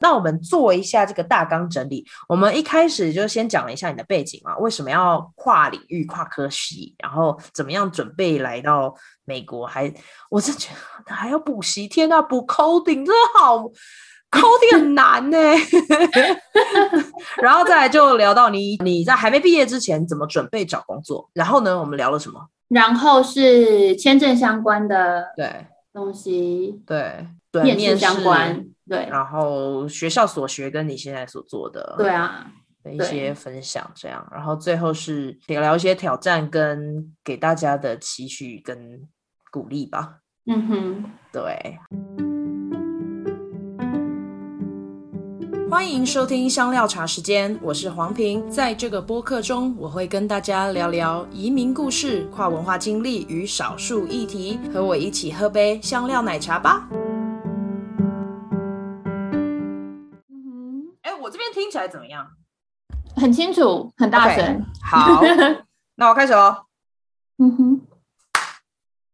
那我們做一下這個大綱整理。我們一開始就先講了一下你的背景嘛、啊，為什麼要跨領域、跨科系，然後怎麼樣準備來到美國？還，我是覺得還要補習，天啊，補 coding 真的好 coding 很難呢、欸。 然後再來就聊到你你在還沒畢業之前怎麼準備找工作。然後呢，我們聊了什麼？然後是簽證相關的對東西對。對對面試相關，面試，對，然後學校所學跟你現在所做的，對啊的一些分享，這樣，然後最後是聊，聊一些挑戰跟給大家的期許跟鼓勵吧。嗯哼，對。歡迎收聽香料茶時間，我是黃平。在這個播客中，我會跟大家聊聊移民故事、跨文化經歷與少數議題。和我一起喝杯香料奶茶吧。聽起來怎麼樣？很清楚，很大聲。Okay, 好， 那我開始囉。嗯哼。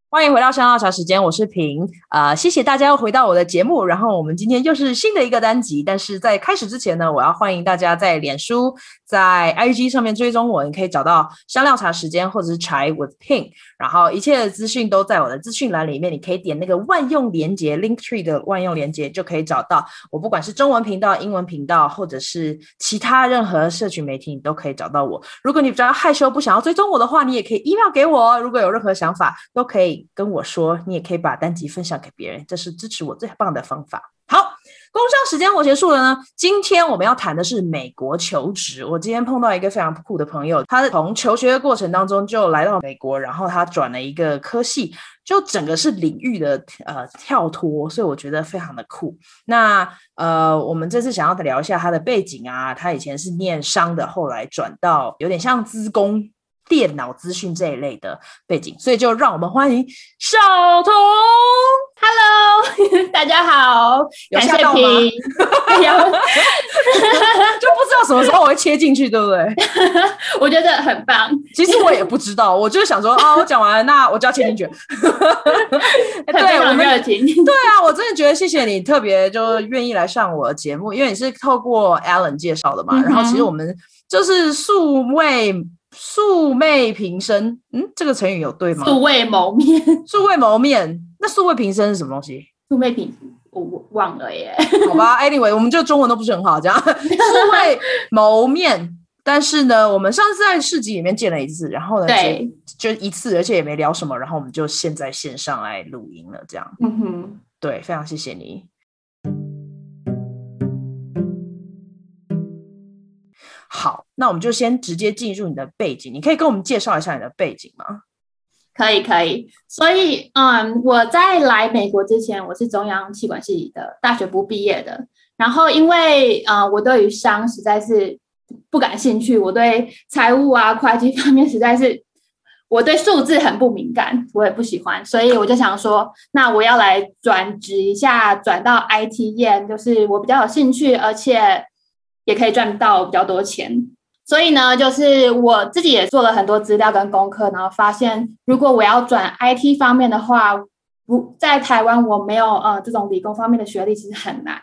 歡迎回到香料茶時間，我是萍。呃，謝謝大家又回到我的節目。然後我們今天又是新的一個單集。但是在開始之前呢，我要歡迎大家在臉書、在 IG 上面追蹤我，你可以找到香料茶時間或者是 Chai with Ping 然後一切的資訊都在我的資訊欄裡面，你可以點那個萬用連接 Linktree 的萬用連接就可以找到我。不管是中文頻道、英文頻道，或者是其他任何社群媒體，你都可以找到我。如果你比較害羞不想要追蹤我的話，你也可以 email 給我。如果有任何想法，都可以跟我說，你也可以把單集分享給別人，這是支持我最棒的方法。好，工商時間我結束了呢。今天我們要談的是美國求職。我今天碰到一個非常酷的朋友，他從求學的過程當中就來到美國，然後他轉了一個科系，就整個是領域的呃跳脫，所以我覺得非常的酷。那呃，我們這次想要聊一下他的背景啊，他以前是念商的，後來轉到有點像資工。電腦資訊這一類的背景，所以就讓我們歡迎小彤。Hello， 大家好，感謝 Ping 就不知道什麼時候我會切進去，對不對？ 我覺得很棒。 其實我也不知道，我就是想說， 哦，我講完了，那我就要切進去。特別熱情， 對， 對啊，我真的覺得謝謝你特別就願意來上我的節目， 因為你是透過 Allen 介紹的嘛。 然後其實我們就是數位。素昧平生，嗯，這個成語有對嗎？素未謀面。素未謀面。那素昧平生是什麼東西？素昧平生，我我忘了耶。好吧，anyway， 我們這中文都不是很好，這 樣素未謀面。但是呢，我們上次在市集裡面見了一次，然後呢，對，就，就一次，而且也沒聊什麼，然後我們就現在線上來錄音了，這樣。嗯哼，對，非常謝謝你。好，那我們就先直接進入你的背景。你可以跟我們介紹一下你的背景嗎？可以，可以。所以，嗯，我在來美國之前，我是中央企管系的大學部畢業的。然後，因為，呃，我對於商實在是不感興趣，我對財務啊、會計方面實在是，我對數字很不敏感，我也不喜歡。所以，我就想說，那我要來轉職一下，轉到 IT 業，就是我比較有興趣，而且。也可以賺到比較多錢，所以呢，就是我自己也做了很多資料跟功課，然後發現，如果我要轉 IT 方面的話，不在台灣我沒有呃這種理工方面的學歷，其實很難。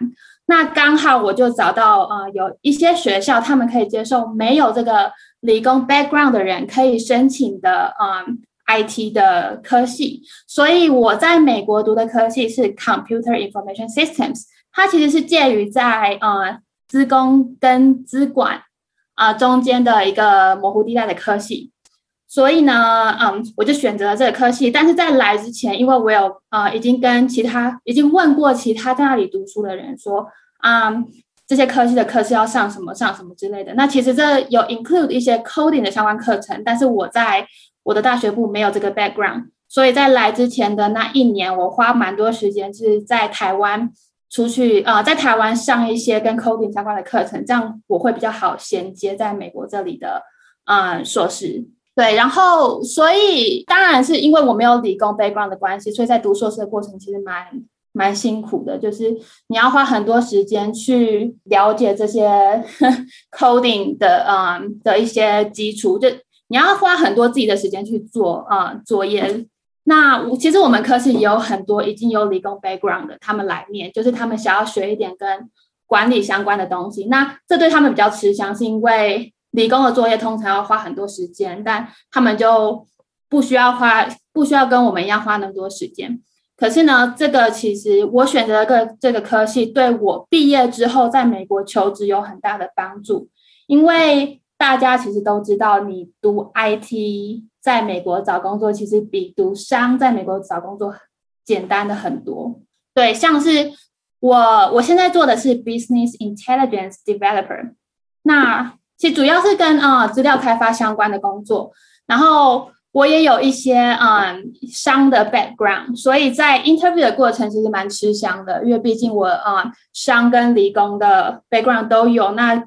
那剛好我就找到呃有一些學校，他們可以接受沒有這個理工 background 的人可以申請的呃 IT 的科系。所以我在美國讀的科系是 Computer Information Systems，它其實是介於在呃，資工跟資管啊、呃、中間的一個模糊地帶的科系，所以呢，嗯，我就選擇了這個科系。但是在來之前，因為我有啊、呃，已經跟其他已經問過其他在那裡讀書的人說，啊、嗯，這些科系的課是要上什麼上什麼之類的。那其實這有 include 一些 coding 的相關課程，但是我在我的大學部沒有這個 background，所以在來之前的那一年，我花蠻多時間是在台灣。出去啊、呃，在台灣上一些跟 coding 相關的課程，這樣我會比較好銜接在美國這裡的嗯碩士。對，然後所以當然是因為我沒有理工 background 的關係，所以在讀碩士的過程其實蠻蠻辛苦的，就是你要花很多時間去了解這些呵 coding 的嗯、呃、的一些基礎，就你要花很多自己的時間去做啊作業。呃那我其實我們科系也有很多已經有理工 background 的，他們來念，就是他們想要學一點跟管理相關的東西。那這對他們比較吃香，是因為理工的作業通常要花很多時間，但他們就不需要花，不需要跟我們一樣花那麼多時間。可是呢，這個其實我選擇的個這個科系，對我畢業之後在美國求職有很大的幫助，因為，大家其實都知道，你讀 IT 在美國找工作，其實比讀商在美國找工作簡單的很多。對，像是我，我現在做的是 Business Intelligence Developer，那其實主要是跟啊資料開發相關的工作。然後我也有一些啊商的 background，所以在 interview 的過程其實蠻吃香的，因為畢竟我啊商跟理工的 background 都有。那，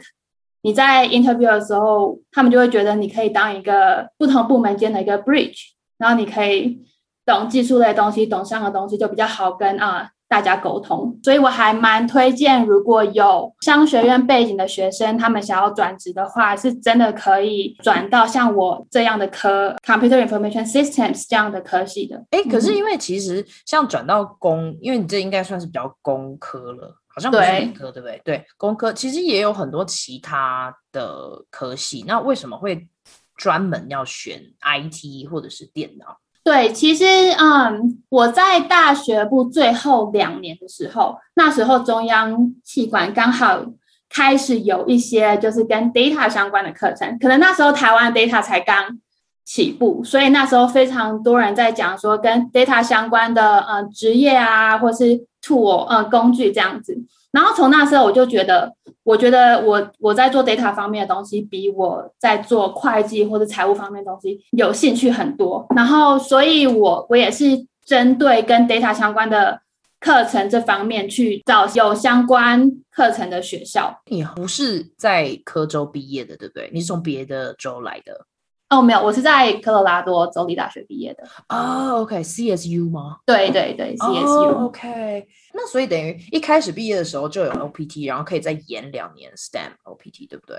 你在 interview 的時候，他們就會覺得你可以當一個不同部門間的一個 bridge，然後你可以懂技術類的東西，懂商的東西就比較好跟啊、uh, 大家溝通。所以我還蠻推薦，如果有商學院背景的學生，他們想要轉職的話，是真的可以轉到像我這樣的科 computer information systems 這樣的科系的。誒，可是因為其實像轉到工，嗯、因為你這應該算是比較工科了。好像不是理科對不對？對，工科其實也有很多其他的科系。那為什麼會專門要選 IT 或者是電腦？對，其實嗯，我在大學部最後兩年的時候，那時候中央企管剛好開始有一些就是跟 data 相關的課程，可能那時候台灣 data 才剛起步，所以那時候非常多人在講說跟 data 相關的嗯職業啊，或是。我、嗯、呃工具這樣子，然後從那時候我就覺得，我覺得我我在做 data 方面的東西，比我在做會計或者財務方面的東西有興趣很多。然後，所以我我也是針對跟 data 相關的課程這方面去找有相關課程的學校。你不是在科州畢業的，對不對？你是從別的州來的。哦，沒有，我是在科羅拉多州立大學畢業的。哦、oh, OK，CSU、okay. 嗎？對對對，CSU。Oh, OK，那所以等於一開始畢業的時候就有 OPT，然後可以再延兩年 STEM OPT，對不對？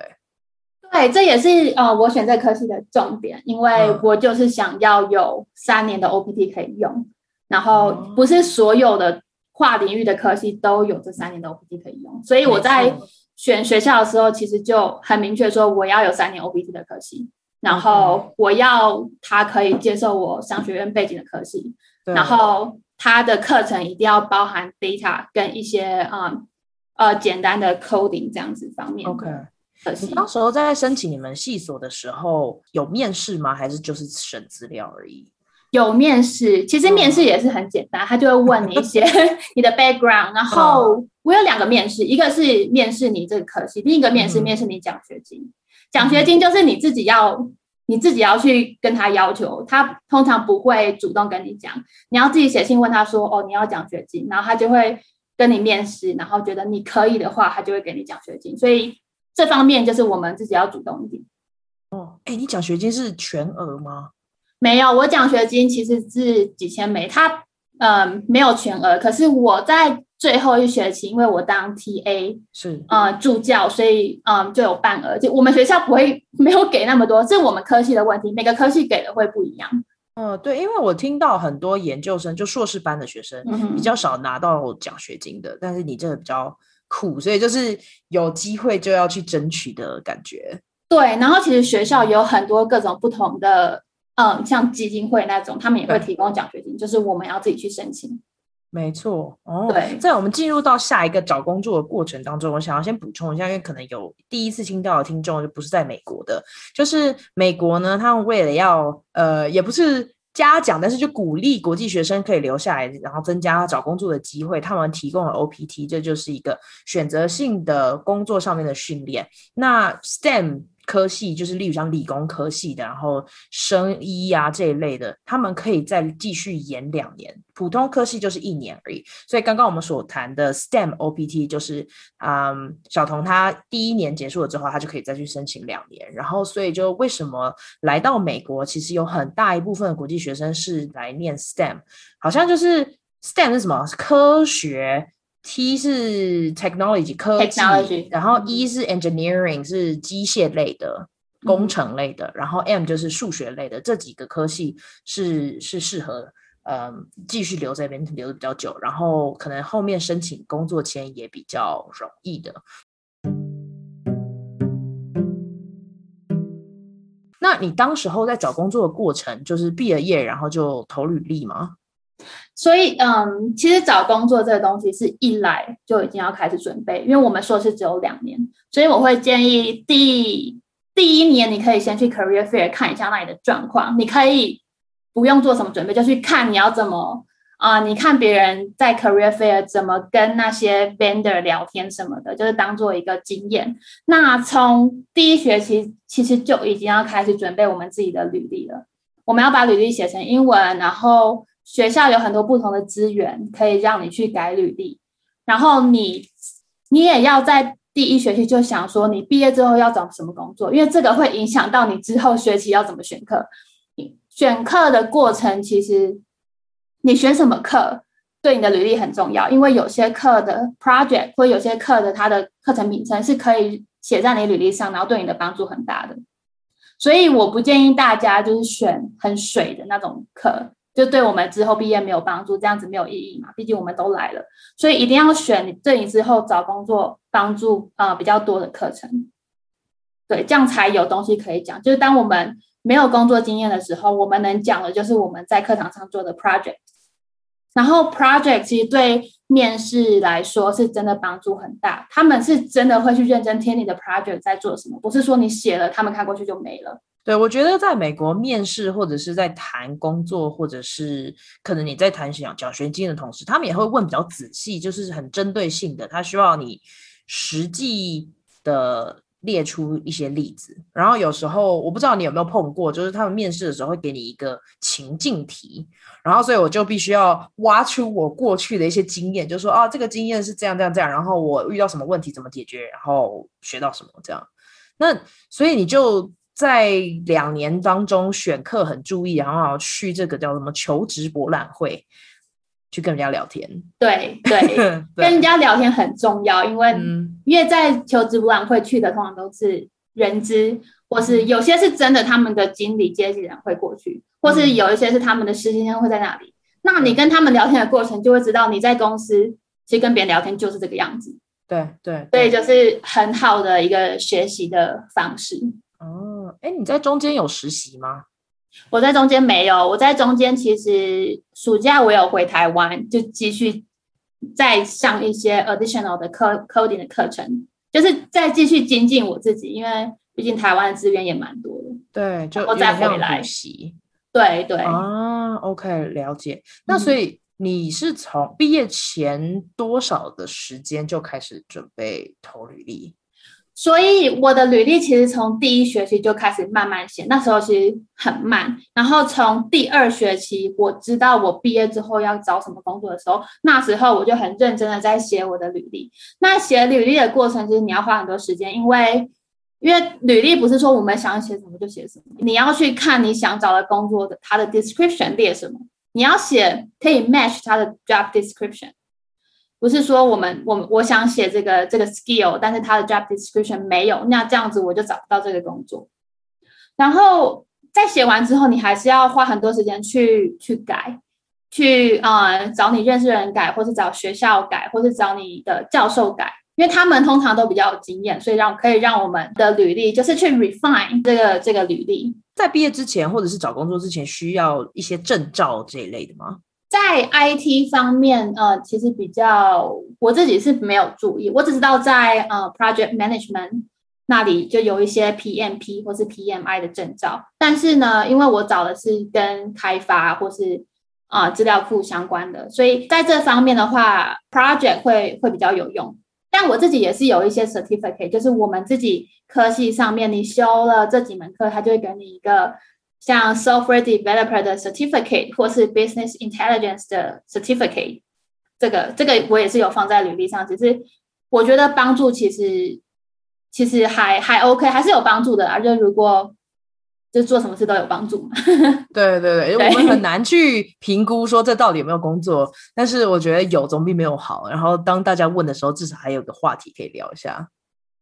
對，這也是、呃、我選這科系的重點，因為我就是想要有三年的 OPT 可以用。然後不是所有的跨領域的科系都有這三年的 OPT 可以用，所以我在選學校的時候，其實就很明確說我要有三年 OPT 的科系。然後我要他可以接受我商學院背景的科系，然後他的課程一定要包含 data 跟一些啊、嗯、呃、簡單的 coding 這樣子方面。OK，你到時候在申請你們系所的時候有面試嗎？還是就是審資料而已？有面試，其實面試也是很簡單，嗯、他就會問你一些 你的 background，然後我有兩個面試，一個是面試你這個科系，另一個面試、面試你獎學金。嗯獎學金就是你自己要，你自己要去跟他要求，他通常不會主動跟你講，你要自己寫信問他說：“哦，你要獎學金。”然後他就會跟你面試，然後覺得你可以的話，他就會給你獎學金。所以這方面就是我們自己要主動一點。哦，哎，你獎學金是全額嗎？沒有，我獎學金其實是幾千美，他嗯、呃、沒有全額。可是我在最後一學期，因為我當 TA 是呃，助教，所以嗯、呃、就有半額。就我們學校不會沒有給那麼多，這是我們科系的問題，每個科系給的會不一樣。嗯，對，因為我聽到很多研究生，就碩士班的學生比較少拿到獎學金的、嗯，但是你這個比較苦，所以就是有機會就要去爭取的感覺。對，然後其實學校有很多各種不同的，嗯，嗯像基金會那種，他們也會提供獎學金，就是我們要自己去申請。沒錯，哦，對，在我們進入到下一個找工作的過程當中，我想要先補充一下，因為可能有第一次聽到的聽眾就不是在美國的，就是美國呢，他們為了要呃，也不是嘉獎，但是就鼓勵國際學生可以留下來，然後增加找工作的機會，他們提供了 OPT，這就是一個選擇性的工作上面的訓練，那 STEM。科系，就是例如像理工科系的，然後生醫呀、啊、這一類的，他們可以再繼續延兩年。普通科系就是一年而已。所以剛剛我們所談的 STEM OPT 就是，嗯，小童他第一年結束了之後，他就可以再去申請兩年。然後，所以就為什麼來到美國，其實有很大一部分的國際學生是來念 STEM。好像就是 STEM 是什麼？是科學。T 是 technology 科技，technology。然後 E 是 engineering 是機械類的工程類的，嗯，然後 M 就是數學類的這幾個科系是是適合嗯，繼續留在那邊留的比較久，然後可能後面申請工作簽也比較容易的，嗯。那你當時候在找工作的過程，就是畢了業、業然後就投履歷嗎？所以，嗯，其實找工作這個東西是一來就已經要開始準備，因為我們碩士只有兩年，所以我會建議第第一年你可以先去 career fair 看一下那裡的狀況，你可以不用做什麼準備，就是、去看你要怎麼啊、呃，你看別人在 career fair 怎麼跟那些 vendor 聊天什麼的，就是當做一個經驗。那從第一學期其實就已經要開始準備我們自己的履歷了，我們要把履歷寫成英文，然後。學校有很多不同的資源可以讓你去改履歷，然後你你也要在第一學期就想說你畢業之後要找什麼工作，因為這個會影響到你之後學期要怎麼選課。選課的過程其實你選什麼課對你的履歷很重要，因為有些課的 project 或有些課的它的課程名稱是可以寫在你履歷上，然後對你的幫助很大的。所以我不建議大家就是選很水的那種課。就對我們之後畢業沒有幫助，這樣子沒有意義嘛？畢竟我們都來了，所以一定要選對你之後找工作幫助啊、呃、比較多的課程。對，這樣才有東西可以講。就是當我們沒有工作經驗的時候，我們能講的就是我們在課堂上做的 project。然後 project 其實對面試來說是真的幫助很大，他們是真的會去認真聽你的 project 在做什麼，不是說你寫了，他們看過去就沒了。對，我覺得在美國面試或者是在談工作，或者是可能你在談想獎學金的同時，他們也會問比較仔細，就是很針對性的，他需要你實際的列出一些例子。然後有時候我不知道你有沒有碰過，就是他們面試的時候會給你一個情境題，然後所以我就必須要挖出我過去的一些經驗，就是說啊，這個經驗是這樣這樣這樣，然後我遇到什麼問題怎麼解決，然後學到什麼這樣。那所以你就。在兩年當中選課很注意，然後去這個叫什麼求職博覽會，去跟人家聊天。對對， 對，跟人家聊天很重要，因為、嗯、因為在求職博覽會去的通常都是人資，或是有些是真的他們的經理階級人會過去，或是有一些是他們的實習生會在那裡、嗯。那你跟他們聊天的過程，就會知道你在公司其實跟別人聊天就是這個樣子。對對，對，所以就是很好的一個學習的方式。嗯哎，你在中間有實習嗎？我在中間沒有，我在中間其實暑假我有回台灣，就繼續再上一些 additional 的 coding 的課程，就是再繼續精進我自己，因為畢竟台灣的資源也蠻多的。對，就我再回來實習。對對啊，OK，了解。嗯。那所以你是從畢業前多少的時間就開始準備投履歷？所以我的履歷其實從第一學期就開始慢慢寫，那時候其實很慢。然後從第二學期，我知道我畢業之後要找什麼工作的時候，那時候我就很認真的在寫我的履歷。那寫履歷的過程其實你要花很多時間，因為因為履歷不是說我們想寫什麼就寫什麼，你要去看你想找的工作的它的 description 列什麼，你要寫可以 match 它的 job description。不是說我們我我想寫這個這個 skill，但是他的 job description 沒有，那這樣子我就找不到這個工作。然後在寫完之後，你還是要花很多時間去去改，去啊、嗯、找你認識的人改，或是找學校改，或是找你的教授改，因為他們通常都比較有經驗，所以讓可以讓我們的履歷就是去 refine 這個這個履歷。在畢業之前或者是找工作之前，需要一些證照這一類的嗎？在 IT 方面，呃，其實比較我自己是沒有注意，我只知道在呃 project management 那裡就有一些 PMP 或是 PMI 的證照。但是呢，因為我找的是跟開發或是啊、呃、資料庫相關的，所以在這方面的話，project 會會比較有用。但我自己也是有一些 certificate，就是我們自己科系上面你修了這幾門課，它就會給你一個。像 software developer 的 certificate 或是 business intelligence 的 certificate，這個這個我也是有放在履歷上。只是我覺得幫助其實其實還還 OK，還是有幫助的。而就如果就做什麼事都有幫助嘛。 對對對，對，我們很難去評估說，這到底有沒有工作，但是我覺得有總比沒有好。然後當大家問的時候，至少還有個話題可以聊一下。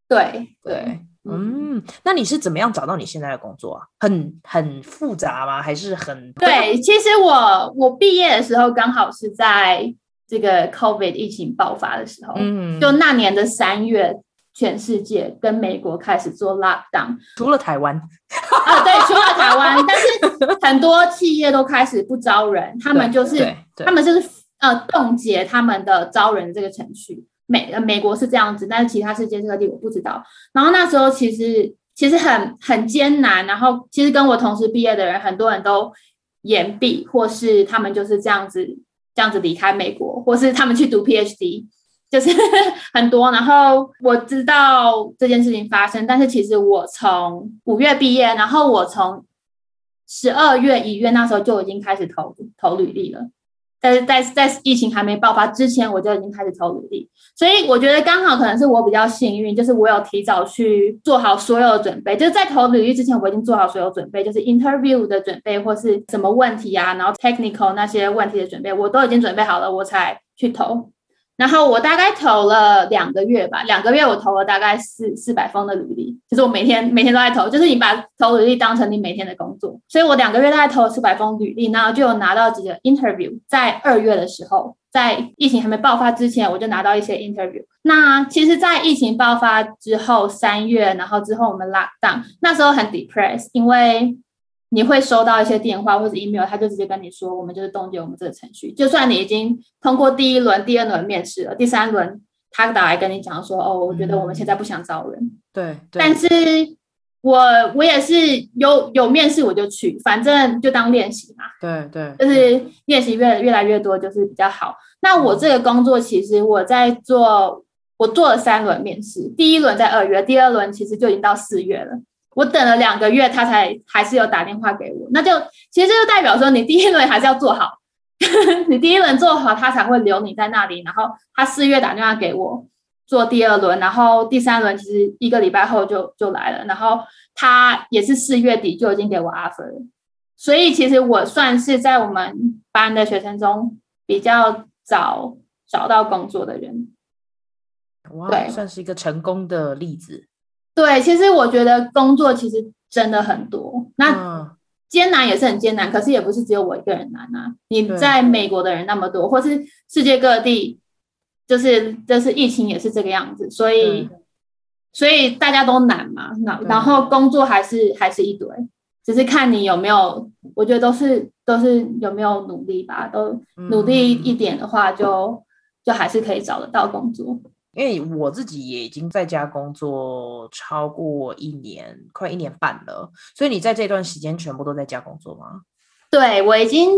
對對。嗯，那你是怎麼樣找到你現在的工作啊？很很複雜嗎？還是很……對，其實我我畢業的時候剛好是在這個 COVID 疫情爆發的時候，嗯，就那年的三月，全世界跟美國開始做 lockdown，除了台灣啊，對，除了台灣， 但是很多企業都開始不招人，他們就是他們就是呃凍結他們的招人這個程序。美呃，美國是這樣子，但是其他世界各地我不知道。然後那時候其實其實很很艱難，然後其實跟我同時畢業的人很多人都延畢，或是他們就是這樣子這樣子離開美國，或是他們去讀 PhD，就是呵呵很多。然後我知道這件事情發生，但是其實我從五月畢業，然後我從十二月、一月那時候就已經開始投投履歷了。但是在在，在疫情還沒爆發之前，我就已經開始投履歷，所以我覺得剛好可能是我比較幸運，就是我有提早去做好所有的準備，就是在投履歷之前，我已經做好所有準備，就是 interview 的準備或是什麼問題啊，然後 technical 那些問題的準備，我都已經準備好了，我才去投。然後我大概投了兩個月吧，兩個月我投了大概四四百封的履歷，就是我每天每天都在投，就是你把投履歷當成你每天的工作。所以我兩個月大概投了四百封履歷，然後就有拿到幾個 interview。在二月的時候，在疫情還沒爆發之前，我就拿到一些 interview。那其實，在疫情爆發之後，三月然後之後我們 lockdown，那時候很 depressed，因為。你會收到一些電話或者 email，他就直接跟你說，我們就是凍結我們這個程序。就算你已經通過第一輪、第二輪面試了，第三輪他打來跟你講說，哦，我覺得我們現在不想招人。嗯對。對，但是我我也是有有面試我就去，反正就當練習嘛。對對，就是練習越越來越多就是比較好。那我這個工作其實我在做，我做了三輪面試，第一輪在二月，第二輪其實就已經到四月了。我等了兩個月，他才還是有打電話給我。那就其實這就代表說，你第一輪還是要做好， 你第一輪做好，他才會留你在那裡。然後他四月打電話給我做第二輪，然後第三輪其實一個禮拜後就就來了。然後他也是四月底就已經給我 offer 了。所以其實我算是在我們班的學生中比較早找到工作的人。哇，對，算是一個成功的例子。對，其實我覺得工作其實真的很多，那艱難也是很艱難，嗯、可是也不是只有我一個人難啊。你在美國的人那麼多，或是世界各地，就是就是疫情也是這個樣子，所以所以大家都難嘛，然後工作還是還是一堆，只是看你有沒有，我覺得都是都是有沒有努力吧。都努力一點的話就，就、嗯、就還是可以找得到工作。因為我自己也已經在家工作超過一年，快一年半了。所以你在這段時間全部都在家工作嗎？對，我已經，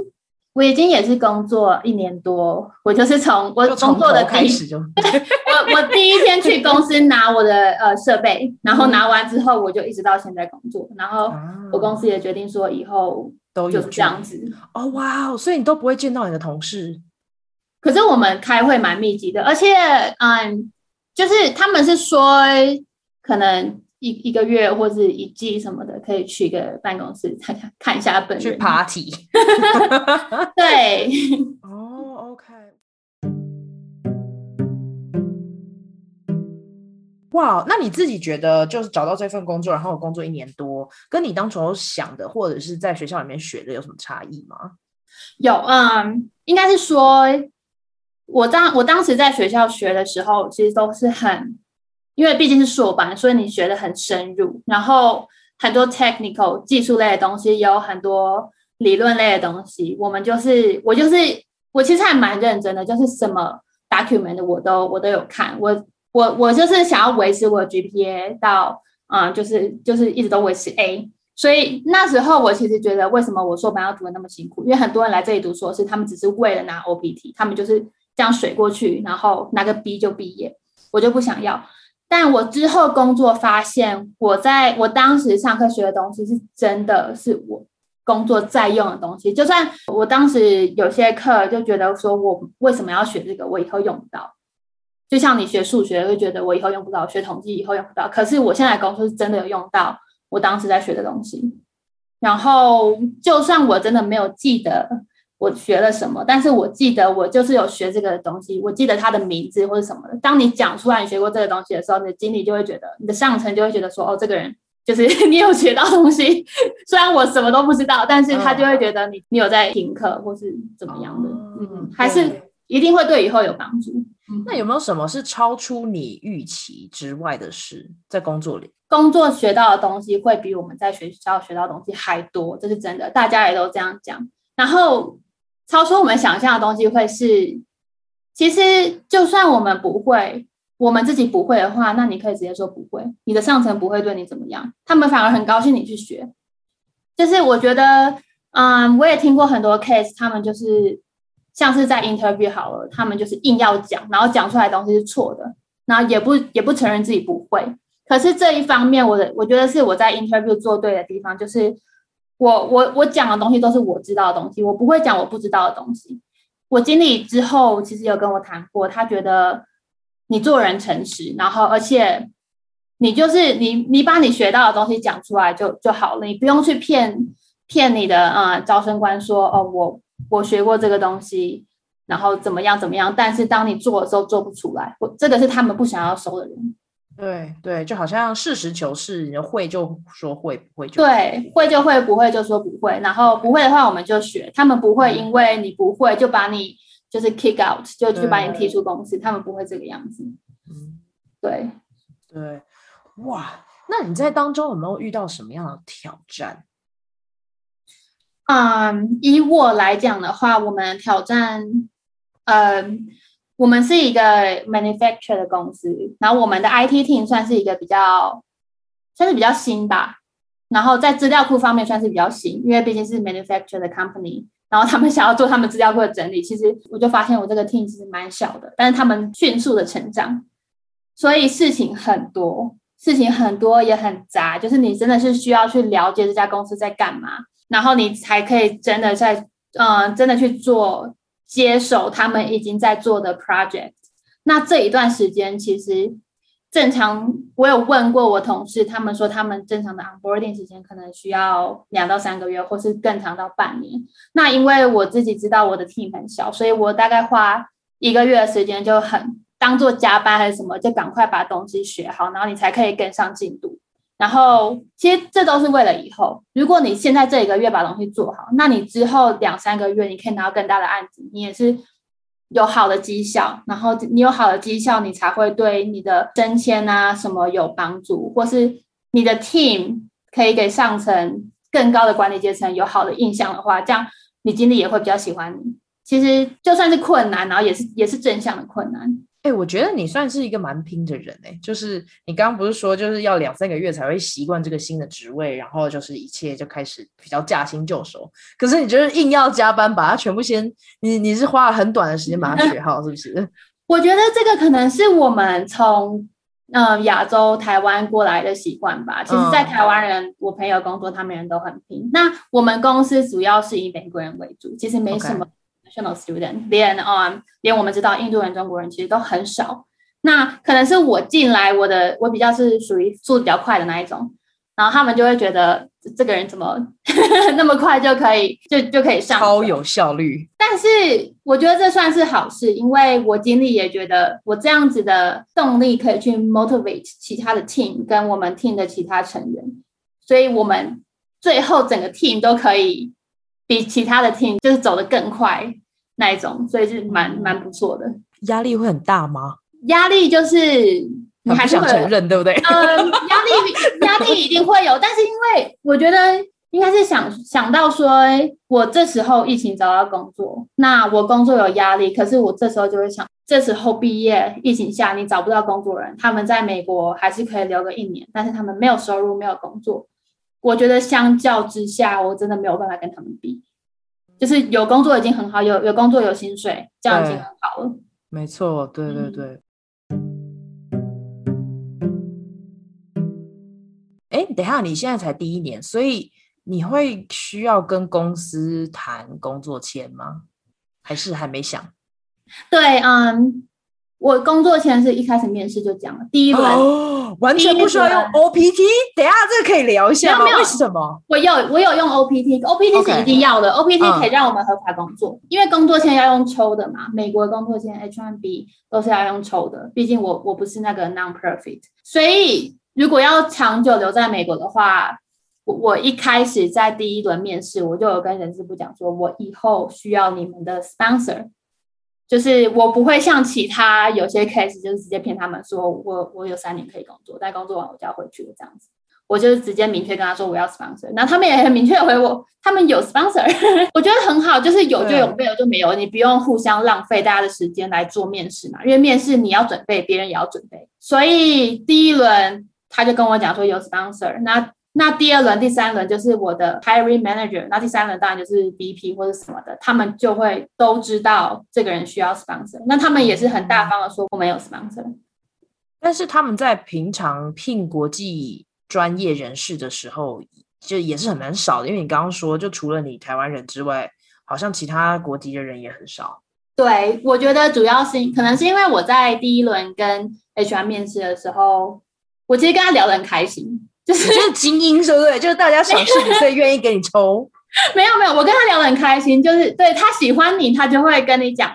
我已經也是工作一年多。我就是從我工作的開始就， 我我第一天去公司拿我的 呃設備，然後拿完之後我就一直到現在工作。然後我公司也決定說以後就是這樣子。哦哇哦，oh, wow, 所以你都不會見到你的同事？可是我們開會蠻密集的，而且，嗯，就是他們是說，可能一一個月或者是一季什麼的，可以去一個辦公室看看看一下本去 party， 對，哦、oh，OK，哇、wow，那你自己覺得，就是找到這份工作，然後我工作一年多，跟你當初想的或者是在學校裡面學的有什麼差異嗎？有，嗯，應該是說。我當我當時在學校學的時候，其實都是很，因為畢竟是碩班，所以你學的很深入，然後很多 technical 技術類的東西，有很多理論類的東西。我們就是我就是我其實還蠻認真的，就是什麼 document 我都我都有看。我我我就是想要維持我的 GPA 到啊、呃，就是就是一直都維持 A。所以那時候我其實覺得，為什麼我碩班要讀的那麼辛苦？因為很多人來這裡讀碩士，他們只是為了拿 OPT 他們就是。這樣水過去，然後拿個 B 就畢業，我就不想要。但我之後工作發現，我在我當時上課學的東西是真的是我工作在用的東西。就算我當時有些課就覺得說，我為什麼要學這個，我以後用不到。就像你學數學就覺得我以後用不到，學統計以後用不到。可是我現在工作是真的有用到我當時在學的東西。然後就算我真的沒有記得。我學了什麼？但是我記得我就是有學這個東西，我記得它的名字或者什麼的。當你講出來你學過這個東西的時候，你的經理就會覺得，你的上層就會覺得說，哦，這個人就是你有學到東西。雖然我什麼都不知道，但是他就會覺得你你有在聽課或是怎麼樣的嗯。嗯，還是一定會對以後有幫助，嗯。那有沒有什麼是超出你預期之外的事在工作裡？工作學到的東西會比我們在學校學到的東西還多，這是真的，大家也都這樣講。然後。超出我們想象的東西會是，其實就算我們不會，我們自己不會的話，那你可以直接說不會。你的上層不會對你怎麼樣，他們反而很高興你去學。就是我覺得，嗯，我也聽過很多 case，他們就是像是在 interview 好了，他們就是硬要講，然後講出來的東西是錯的，然後也不也不承認自己不會。可是這一方面，我的我覺得是我在 interview 做對的地方，就是。我我我講的東西都是我知道的東西，我不會講我不知道的東西。我經理之後其實有跟我談過，他覺得你做人誠實，然後而且你就是你你把你學到的東西講出來就就好了，你不用去騙騙你的啊呃、招生官說哦，我我學過這個東西，然後怎麼樣怎麼樣。但是當你做的時候做不出來，我這個是他們不想要收的人。對對，就好像實事求是，你就會就說會，不會就會對，會就會，不會就說不會。然後不會的話，我們就學他們不會，因為你不會，就把你就是 kick out，、嗯、就去把你踢出公司。他們不會這個樣子。嗯、對對，哇，那你在當中有沒有遇到什麼樣的挑戰？嗯，以我來講的話，我們挑戰，嗯。我們是一個 manufacture 的公司，然後我們的 IT team 算是一個比較，算是比較新吧。然後在資料庫方面算是比較新，因為畢竟是 manufacture 的 company。然後他們想要做他們資料庫的整理，其實我就發現我這個 team 其實蠻小的，但是他們迅速的成長，所以事情很多，事情很多也很雜，就是你真的是需要去了解這家公司在幹嘛，然後你才可以真的在嗯、呃、真的去做。接手他們已經在做的 project，那這一段時間其實正常，我有問過我同事，他們說他們正常的 onboarding 時間可能需要兩到三個月，或是更長到半年。那因為我自己知道我的 team 很小，所以我大概花一個月的時間就很當做加班還是什麼，就趕快把東西學好，然後你才可以跟上進度。然後，其實這都是為了以後。如果你現在這一個月把東西做好，那你之後兩三個月你可以拿到更大的案子，你也是有好的績效。然後你有好的績效，你才會對你的升遷啊什麼有幫助，或是你的 team 可以給上層更高的管理階層有好的印象的話，這樣你經理也會比較喜歡你。其實就算是困難，然後也是也是正向的困難。哎、欸，我覺得你算是一個蠻拼的人哎、欸，就是你剛剛不是說就是要兩三個月才會習慣這個新的職位，然後就是一切就開始比較駕輕就熟。可是你就是硬要加班，把它全部先，你你是花了很短的時間把它學好、嗯，是不是？我覺得這個可能是我們從嗯亞洲台灣過來的習慣吧。其實，在台灣人、嗯，我朋友工作他們人都很拼。那我們公司主要是以美國人為主，其實沒什麼、okay.。national student，連啊、嗯、連我們知道，印度人、中國人其實都很少。那可能是我進來，我的我比較是屬於速度比較快的那一種，然後他們就會覺得這個人怎麼 那麼快就可以就就可以上，超有效率。但是我覺得這算是好事，因為我經歷也覺得我這樣子的動力可以去 motivate 其他的 team 跟我們 team 的其他成員，所以我們最後整個 team 都可以比其他的 team 就是走得更快。那一種，所以是蠻蠻不錯的。壓力會很大嗎？壓力就是你還是我想承認，對不對？呃，壓力，壓力一定會有， 但是因為我覺得應該是想想到說，我這時候疫情找到工作，那我工作有壓力，可是我這時候就會想，這時候畢業，疫情下你找不到工作人，人他們在美國還是可以留個一年，但是他們沒有收入，沒有工作。我覺得相較之下，我真的沒有辦法跟他們比。就是有工作已經很好，有有工作有薪水，這樣已經很好了。沒錯，對對對。哎，嗯，欸，等一下，你現在才第一年，所以你會需要跟公司談工作簽嗎？還是還沒想？對，嗯。我工作簽是一開始面試就講了第一輪、oh,，完全不需要用 OPT。等一下這個可以聊一下嗎？沒有,沒有為什麼？我有我有用 OPT，OPT OPT 是一定要的、okay.，OPT 可以讓我們合法工作，嗯、因為工作簽要用抽的嘛。美國工作簽 H1B 都是要用抽的，畢竟我我不是那個 non-profit 所以如果要長久留在美國的話，我我一開始在第一輪面試我就有跟人事部講說，我以後需要你們的 sponsor。就是我不會像其他有些 case，就是直接騙他們說我我有三年可以工作，但工作完我就要回去了這樣子。我就是直接明確跟他說我要 sponsor，那他們也很明確回我，他們有 sponsor， 我覺得很好，就是有就有，沒有就沒有，你不用互相浪費大家的時間來做面試嘛。因為面試你要準備，別人也要準備，所以第一輪他就跟我講說有 sponsor，那。那第二輪、第三輪就是我的 hiring manager，那第三輪當然就是 BP 或者什麼的，他們就會都知道這個人需要 sponsor，那他們也是很大方的說我沒有 sponsor。但是他們在平常聘國際專業人士的時候，就也是很難少的，因為你剛剛說，就除了你台灣人之外，好像其他國籍的人也很少。對，我覺得主要是可能是因為我在第一輪跟 HR 面試的時候，我其實跟他聊得很開心。就是、就是精英是是，對不對？就是大家想，氣，所以願意給你抽。 沒有沒有，我跟他聊得很開心，就是對他喜歡你，他就會跟你講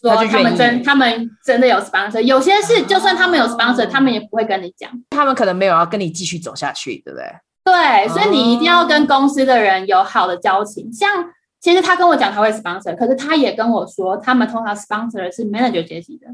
說他,他們真他們真的有 sponsor。有些事就算他們有 sponsor，、嗯、他們也不會跟你講。他們可能沒有要跟你繼續走下去，對不對？對，所以你一定要跟公司的人有好的交情。嗯、像其實他跟我講他會 sponsor，可是他也跟我說他們通常 sponsor 是 manager 階級的。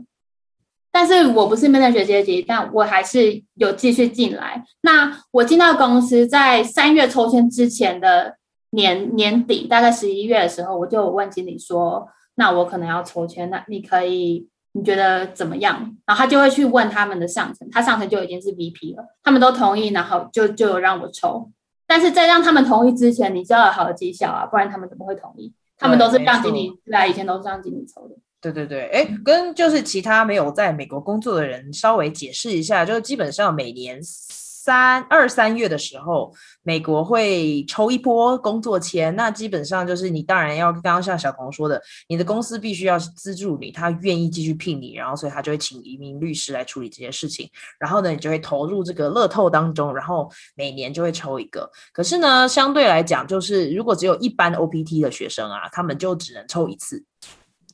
但是我不是 manager 階級，但我還是有繼續進來。那我進到公司在三月抽籤之前的年年底，大概十一月的時候，我就有問經理說：“那我可能要抽籤，那你可以？你覺得怎麼樣？”然後他就會去問他們的上層，他上層就已經是 VP 了，他們都同意，然後就就有讓我抽。但是在讓他們同意之前，你就要有好的績效啊，不然他們怎麼會同意？他們都是讓經理來啊，以前都是讓經理抽的。對對對誒，跟就是其他沒有在美國工作的人稍微解釋一下，就是基本上每年三二三月的時候，美國會抽一波工作簽，那基本上就是你當然要剛剛像小彤說的，你的公司必須要資助你，他願意繼續聘你，然後所以他就會請移民律師來處理這些事情，然後呢，你就會投入這個樂透當中，然後每年就會抽一個，可是呢，相對來講，就是如果只有一般 OPT 的學生啊，他們就只能抽一次，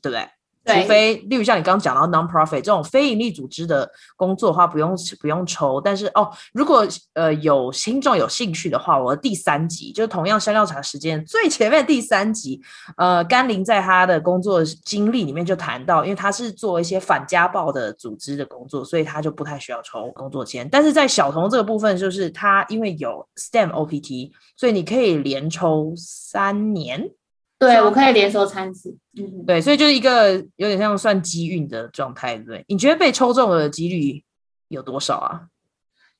對不對？除非，例如像你剛剛講到 non-profit 這種非營利組織的工作的話，不用不用抽。但是哦，如果呃有聽眾有興趣的話，我第三集就同樣香料茶時間最前面第三集，呃，甘霖在他的工作經歷裡面就談到，因為他是做一些反家暴的組織的工作，所以他就不太需要抽工作簽。但是在小童這個部分，就是他因為有 STEM OPT，所以你可以連抽三年。對，我可以連抽三次。嗯哼。對，所以就是一個有點像算機運的狀態，對，不對。你覺得被抽中的幾率有多少啊？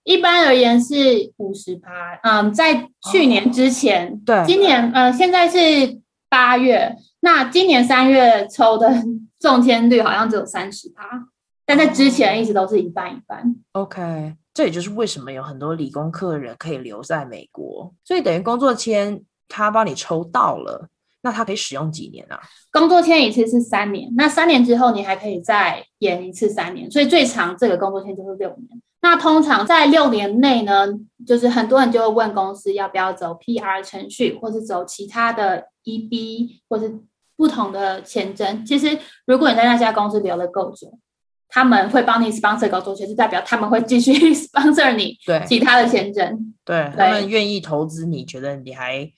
一般而言是五十趴。嗯，在去年之前，哦，對，今年嗯、呃、現在是八月，那今年三月抽的中簽率好像只有三十趴，但在之前一直都是一半一半。OK，這也就是為什麼有很多理工科人可以留在美國，所以等於工作簽他幫你抽到了。那它可以使用幾年呢、啊？工作簽一次是三年，那三年之後你還可以再延一次三年，所以最長這個工作簽就是六年。那通常在六年內呢，就是很多人就會問公司要不要走 PR 程序，或是走其他的 EB，或是不同的簽證。其實如果你在那家公司留了夠久，他們會幫你 sponsor 工作簽，就代表他們會繼續 sponsor 你對其他的簽證，對，對，對，他們願意投資，你覺得你還。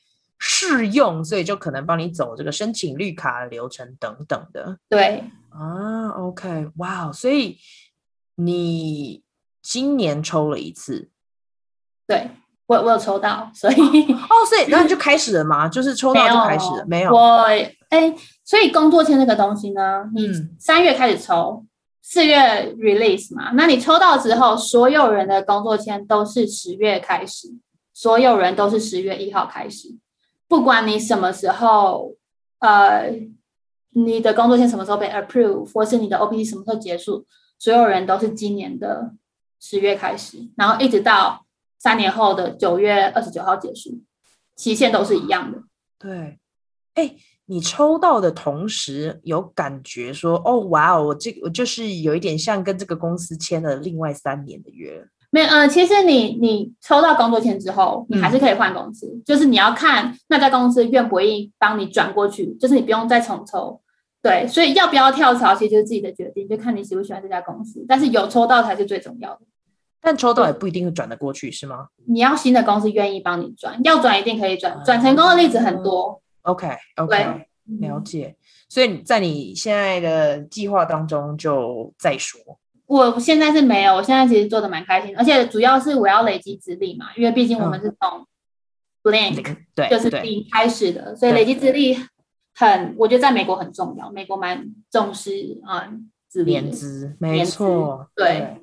試用，所以就可能幫你走這個申請綠卡的流程等等的。對啊，OK，哇哦，所以你今年抽了一次，對，我我有抽到，所以、啊、哦，所以 那你就開始了嗎？就是抽到就開始了，沒有。沒有我哎、欸，所以工作簽這個東西呢，你三月開始抽，四、嗯、月 release 嘛，那你抽到之後，所有人的工作簽都是十月開始，所有人都是十月一號開始。不管你什麼時候，呃，你的工作簽什麼時候被 approve，或是你的 O P T 什麼時候結束，所有人都是今年的十月開始，然後一直到三年後的九月二十九號結束，期限都是一樣的。對，哎、欸，你抽到的同時有感覺說，哦，哇哦，我這個我就是有一點像跟這個公司簽了另外三年的約。沒嗯、呃，其實你你抽到工作簽之後，你還是可以換公司，就是你要看那家公司願不願意幫你轉過去，就是你不用再重抽。對，所以要不要跳槽，其實就是自己的決定，就看你喜不喜歡這家公司。但是有抽到才是最重要的。但抽到也不一定會轉得過去，是嗎？你要新的公司願意幫你轉，要轉一定可以轉，轉、嗯、成功的例子很多。嗯、OK，OK，okay, okay,、嗯、了解。所以在你現在的計劃當中，就再說。我現在是沒有，我現在其實做的蠻開心，而且主要是我要累積資歷嘛，因為畢竟我們是從 blank 對、嗯，就是零開始的，所以累積資歷很，我覺得在美國很重要，美國蠻重視啊、嗯、資歷的，沒錯。對，對，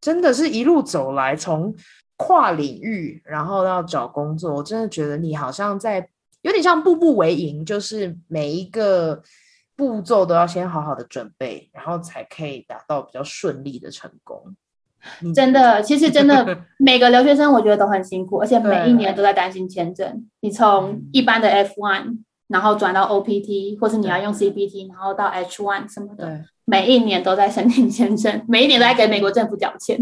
真的是一路走來，從跨領域，然後到找工作，我真的覺得你好像在。有點像步步為營，就是每一個步驟都要先好好的準備，然後才可以達到比較順利的成功。真的，嗯、其實真的 每個留學生我覺得都很辛苦，而且每一年都在擔心簽證。你從一般的 F1。嗯然後轉到 OPT，或是你要用 CPT 然後到 H1 什麼的，每一年都在申請簽證，每一年都在給美國政府繳錢。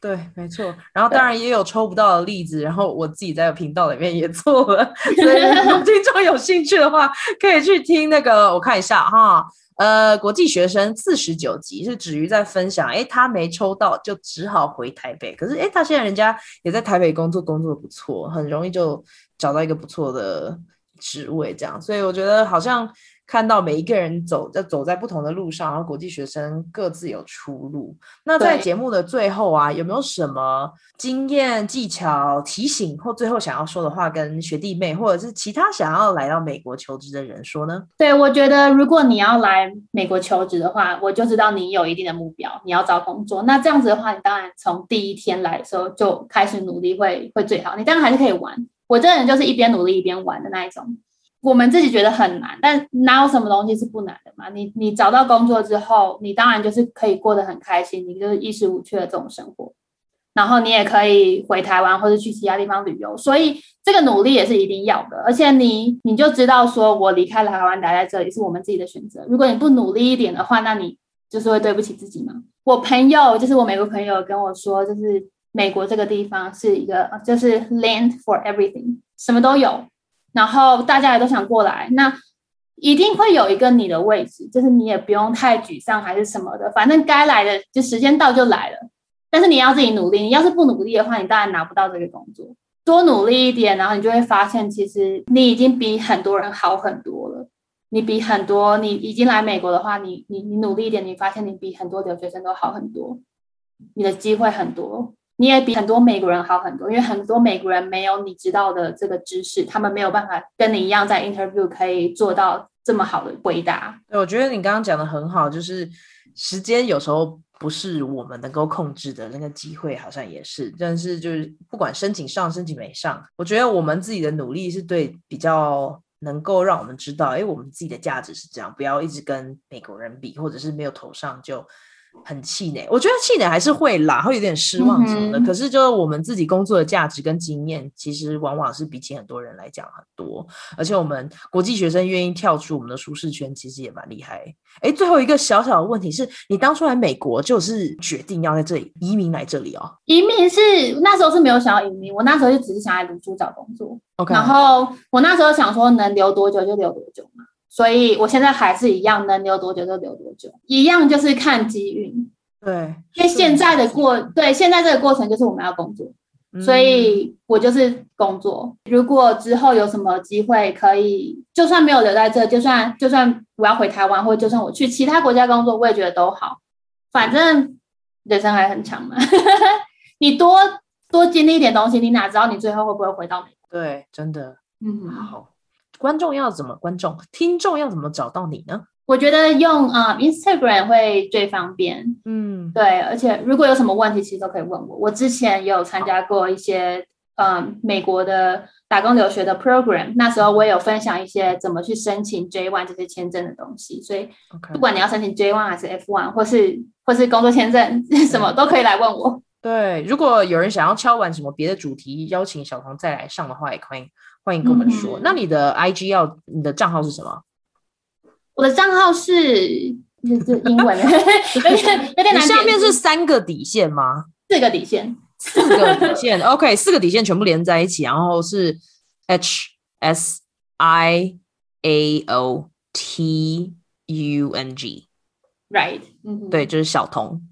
對， 對，沒錯。然後當然也有抽不到的例子，然後我自己在頻道裡面也做了，所以如果聽眾有興趣的話， 可以去聽那個，我看一下哈。呃，國際學生四十九集是芷瑜在分享，哎，他沒抽到，就只好回台北。可是哎，他現在人家也在台北工作，工作不錯，很容易就找到一個不錯的。職位這樣，所以我覺得好像看到每一個人走在走在不同的路上，然後國際學生各自有出路。那在節目的最後啊，有沒有什麼經驗技巧提醒或最後想要說的話，跟學弟妹或者是其他想要來到美國求職的人說呢？對，我覺得如果你要來美國求職的話，我就知道你有一定的目標，你要找工作。那這樣子的話，你當然從第一天來的時候就開始努力會會最好。你當然還是可以玩。我這個人就是一邊努力一邊玩的那一種。我們自己覺得很難，但哪有什麼東西是不難的嘛？你你找到工作之後，你當然就是可以過得很開心，你就是衣食無缺的這種生活。然後你也可以回台灣或者去其他地方旅遊。所以這個努力也是一定要的。而且你你就知道說我離開了台灣，待在這裡是我們自己的選擇。如果你不努力一點的話，那你就是會對不起自己嘛。我朋友就是我美國朋友跟我說，就是。美國這個地方是一個，就是 land for everything，什麼都有。然後大家也都想過來，那一定會有一個你的位置，就是你也不用太沮喪還是什麼的，反正該來的就時間到就來了。但是你要自己努力，你要是不努力的話，你當然拿不到這個工作。多努力一點，然後你就會發現，其實你已經比很多人好很多了。你比很多，你已經來美國的話，你你你努力一點，你發現你比很多留學生都好很多，你的機會很多。你也比很多美國人好很多，因為很多美國人沒有你知道的這個知識，他們沒有辦法跟你一樣在 interview 可以做到這麼好的回答。對，我覺得你剛剛講的很好，就是時間有時候不是我們能夠控制的那個機會，好像也是。但是就是不管申請上申請沒上，我覺得我們自己的努力是對比較能夠讓我們知道，哎、欸，我們自己的價值是這樣，不要一直跟美國人比，或者是沒有投上就。很氣餒，我覺得氣餒還是會啦，會有點失望什麼的。嗯、可是，就是我們自己工作的價值跟經驗，其實往往是比起很多人來講很多。而且，我們國際學生願意跳出我們的舒適圈，其實也蠻厲害。哎，最後一個小小的問題是你當初來美國就是決定要在這裡移民來這裡哦？移民，是那時候是沒有想要移民，我那時候就只是想來讀書找工作。OK，然後我那時候想說能留多久就留多久嘛。所以我現在還是一樣，能留多久就留多久，一樣就是看機遇。對，因為現在的過對，對，現在這個過程就是我們要工作，嗯、所以我就是工作。如果之後有什麼機會，可以就算沒有留在這，就算就算我要回台灣，或者就算我去其他國家工作，我也覺得都好。反正人生還很長嘛， 你多多經歷一點東西，你哪知道你最後會不會回到美國？對，真的，嗯，好。觀眾要怎麼？觀眾、聽眾要怎麼找到你呢？我覺得用啊、呃，Instagram 會最方便。嗯，對，而且如果有什麼問題，其實都可以問我。我之前也有參加過一些呃、嗯、美國的打工留學的 program，那時候我有分享一些怎麼去申請 J1 這些簽證的東西。所以，不管你要申請 J1 還是 F1，或是或是工作簽證，什麼、嗯、都可以來問我。對，如果有人想要敲完什麼別的主題，邀請小童再來上的話，也歡迎歡迎跟我們說。嗯、那你的 I G 要你的賬號是什麼？我的賬號是，、就是英文的，那 你下面是三個底線嗎？四個底線，四個底線。 OK，四個底線全部連在一起，然後是 H S I A O T U N G，Right，、嗯、對，就是小童。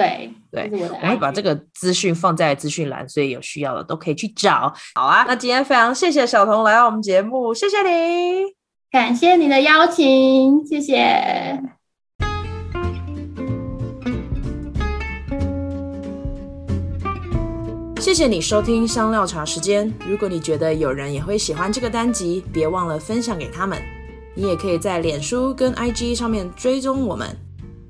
對對、就是我的，我會把這個資訊放在資訊欄，所以有需要的都可以去找。好啊，那今天非常謝謝小彤來到我們節目，謝謝你，感謝你的邀請，謝謝。謝謝你收聽香料茶時間。如果你覺得有人也會喜歡這個單集，別忘了分享給他們。你也可以在臉書跟 IG 上面追蹤我們。